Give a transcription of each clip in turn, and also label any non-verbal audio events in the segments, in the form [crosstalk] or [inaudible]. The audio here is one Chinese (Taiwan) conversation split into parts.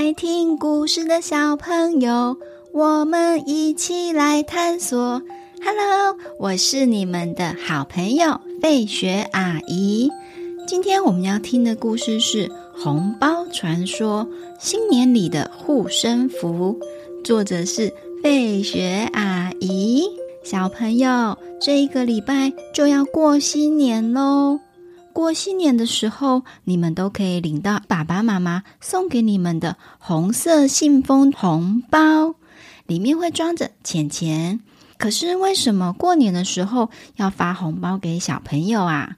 愛聽故事的小朋友，我們一起來探索。Hello，我是你們的好朋友費雪阿姨。今天我們要聽的故事是《紅包傳說：新年裡的護身符》，作者是費雪阿姨。小朋友，這一個禮拜就要過新年嘍。過新年的時候，你們都可以領到爸爸媽媽送給你們的紅色信封紅包，裡面會裝着錢錢。可是為什麼過年的時候要發紅包給小朋友啊？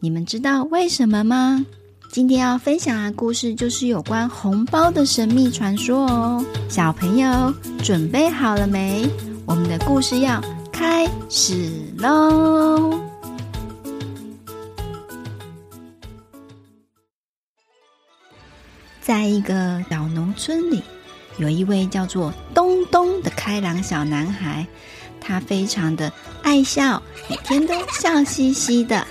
你們知道為什麼嗎？今天要分享的故事就是有關紅包的神秘傳說哦。小朋友準備好了沒？我們的故事要開始嘍！在一個小農村裡，有一位叫做東東的開朗小男孩，他非常的愛笑，每天都笑嘻嘻的。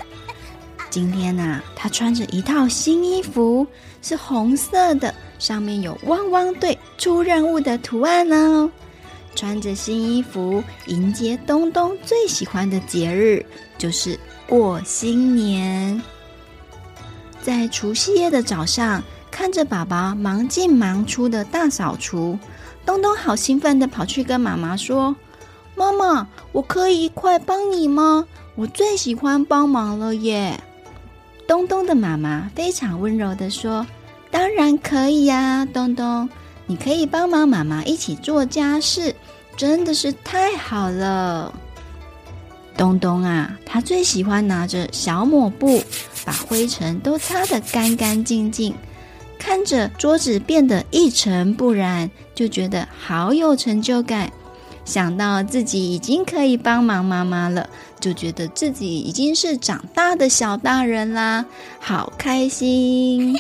今天呢啊，他穿着一套新衣服，是紅色的，上面有汪汪隊出任務的圖案哦。穿着新衣服迎接東東最喜歡的節日，就是過新年。在除夕夜的早上。看着爸爸忙進忙出的大掃除，東東好興奮地跑去跟媽媽說：“媽媽，我可以快幫你嗎？我最喜歡幫忙了耶！”東東的媽媽非常溫柔地說：“當然可以呀、啊，東東，你可以幫忙媽媽一起做家事，真的是太好了。”東東啊，他最喜歡拿着小抹布，把灰塵都擦得乾乾淨淨。看着桌子變得一塵不染，就覺得好有成就感。想到自己已經可以幫忙媽媽了，就覺得自己已經是長大的小大人啦，好開心！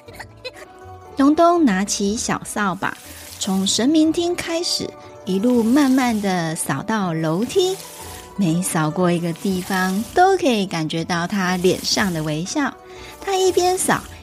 [laughs] 咚咚拿起小掃把，從神明廳開始，一路慢慢地掃到樓梯，每掃過一個地方，都可以感覺到他臉上的微笑。他一邊掃。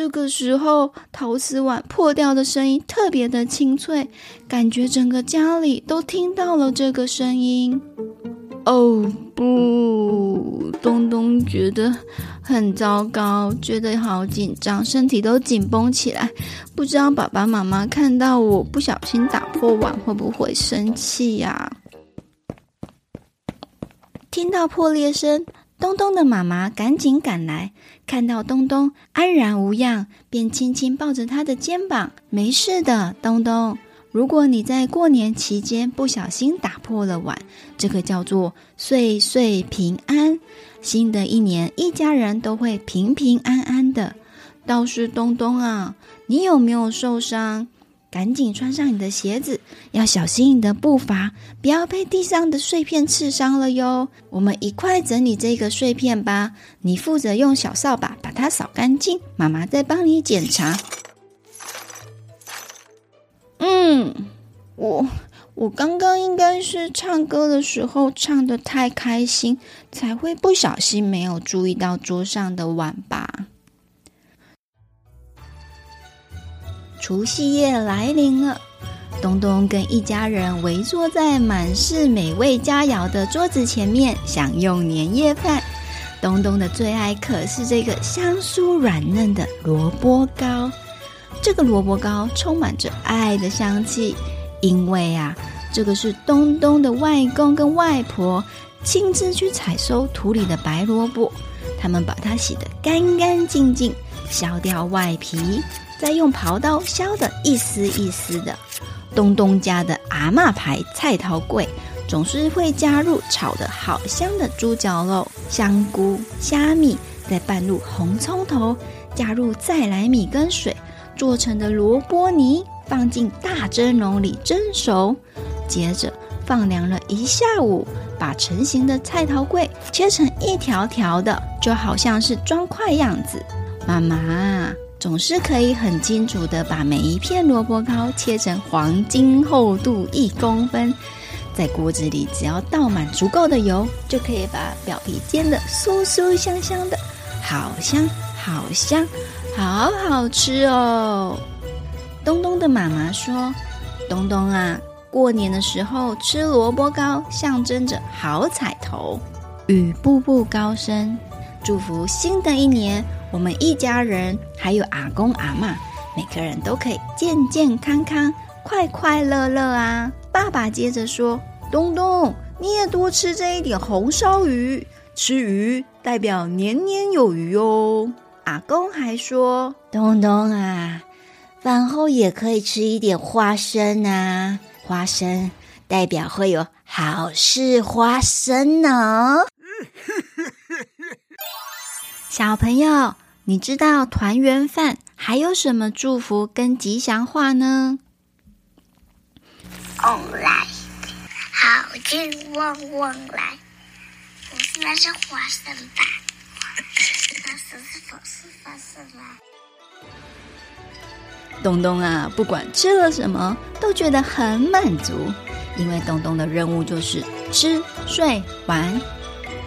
這個時候，陶瓷碗破掉的聲音特別的清脆，感覺整個家裡都聽到了這個聲音。哦不，東東覺得很糟糕，覺得好緊張，身體都緊繃起來。不知道爸爸媽媽看到我不小心打破碗會不會生氣呀？啊？聽到破裂聲。咚咚的媽媽趕緊趕來，看到咚咚安然無恙，便輕輕抱着他的肩膀：“沒事的，咚咚。如果你在過年期間不小心打破了碗，這個叫做歲歲平安。新的一年，一家人都會平平安安的。倒是咚咚啊，你有沒有受傷？”趕緊穿上你的鞋子，要小心你的步伐，不要被地上的碎片刺傷了喲。我們一塊整理這個碎片吧，你負責用小掃把把它掃乾淨，媽媽再幫你檢查。嗯，我我剛剛應該是唱歌的時候唱得太開心，才會不小心沒有注意到桌上的碗吧。除夕夜來臨了，東東跟一家人圍坐在滿是美味佳肴的桌子前面，享用年夜飯。東東的最愛可是這個香酥軟嫩的蘿蔔糕。這個蘿蔔糕充滿着愛的香氣，因為啊，這個是東東的外公跟外婆親自去採收土裡的白蘿蔔，他們把它洗得干干淨淨，削掉外皮。再用刨刀削得一絲一絲的一絲一絲的，咚咚家的阿嬤牌菜頭粿總是會加入炒得好香的豬腳肉、香菇、蝦米，再拌入紅蔥頭，加入再來米跟水做成的蘿蔔泥，放進大蒸籠裡蒸熟，接着放涼了一下午，把成型的菜頭粿切成一條條的，就好像是磚塊樣子，媽媽。總是可以很清楚的把每一片蘿蔔糕切成黃金厚度一公分，在鍋子裡只要倒滿足夠的油，就可以把表皮煎的酥酥香香的，好香好香，好好吃哦！東東的媽媽說：“東東啊，過年的時候吃蘿蔔糕象徵着好彩頭與步步高升，祝福新的一年。”我們一家人還有阿公阿嬤，每個人都可以健健康康、快快樂樂啊！爸爸接着說：“東東，你也多吃這一點紅燒魚，吃魚代表年年有餘哦。”阿公還說：“東東啊，飯後也可以吃一點花生啊，花生代表會有好事發生呢、哦。嗯” [laughs] 小朋友，你知道團圓飯還有什麼祝福跟吉祥話呢？哦，來，好運旺旺來，我現在是花生吧？花生、花生、花生來。咚咚啊，不管吃了什麼都覺得很滿足，因為咚咚的任務就是吃、睡、玩，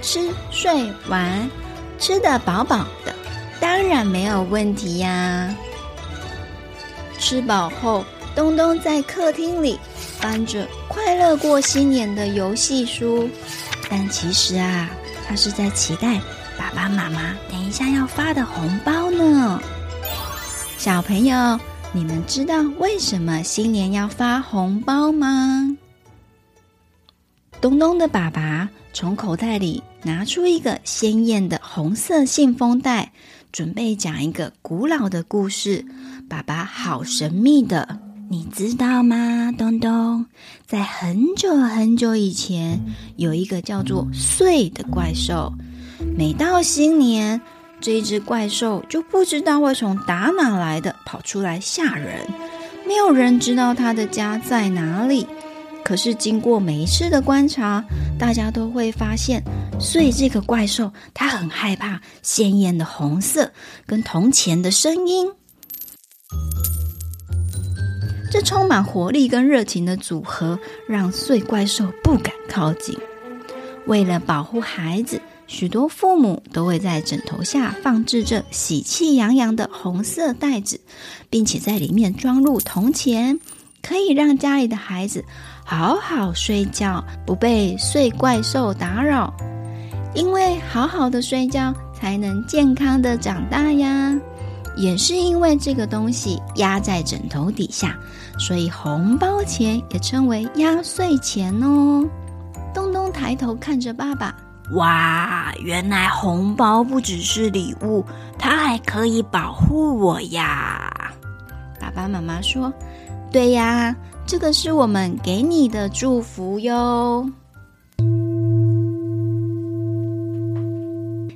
吃、睡、玩。吃得飽飽的，當然沒有問題呀。吃飽後，咚咚在客廳裡翻着《快樂過新年》的遊戲書，但其實啊，他是在期待爸爸媽媽等一下要發的紅包呢。小朋友，你們知道為什麼新年要發紅包嗎？咚咚的爸爸從口袋裡。拿出一個鮮豔的紅色信封袋，準備講一個古老的故事。爸爸好神秘的，你知道嗎？東東，在很久很久以前，有一個叫做“祟”的怪獸。每到新年，這只怪獸就不知道會從打哪來的跑出來嚇人，沒有人知道它的家在哪裡。可是，經過每一次的觀察，大家都會發現，祟這個怪獸它很害怕鮮豔的紅色跟銅錢的聲音。這充滿活力跟熱情的組合，讓祟怪獸不敢靠近。為了保護孩子，許多父母都會在枕頭下放置着喜氣洋洋的紅色袋子，並且在裡面裝入銅錢。可以讓家裡的孩子好好睡覺，不被祟怪獸打擾。因為好好的睡覺才能健康的長大呀。也是因為這個東西壓在枕頭底下，所以紅包錢也稱為壓歲錢哦。東東抬頭看着爸爸，哇，原來紅包不只是禮物，它還可以保護我呀。爸爸媽媽說。對呀，這個是我們給你的祝福喲。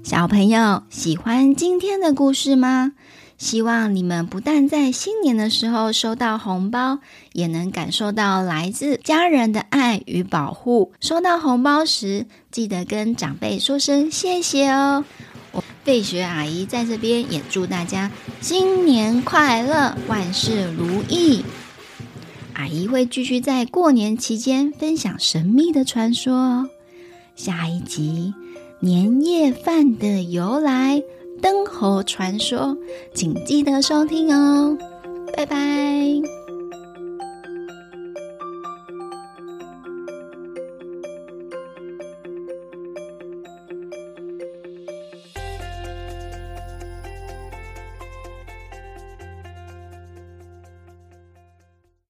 小朋友喜歡今天的故事嗎？希望你們不但在新年的時候收到紅包，也能感受到來自家人的愛與保護。收到紅包時，記得跟長輩說聲謝謝哦。我費雪阿姨在這邊也祝大家新年快樂，萬事如意。阿姨會繼續在過年期間分享神秘的傳說哦，下一集年夜飯的由來、燈猴傳說，請記得收聽哦，拜拜。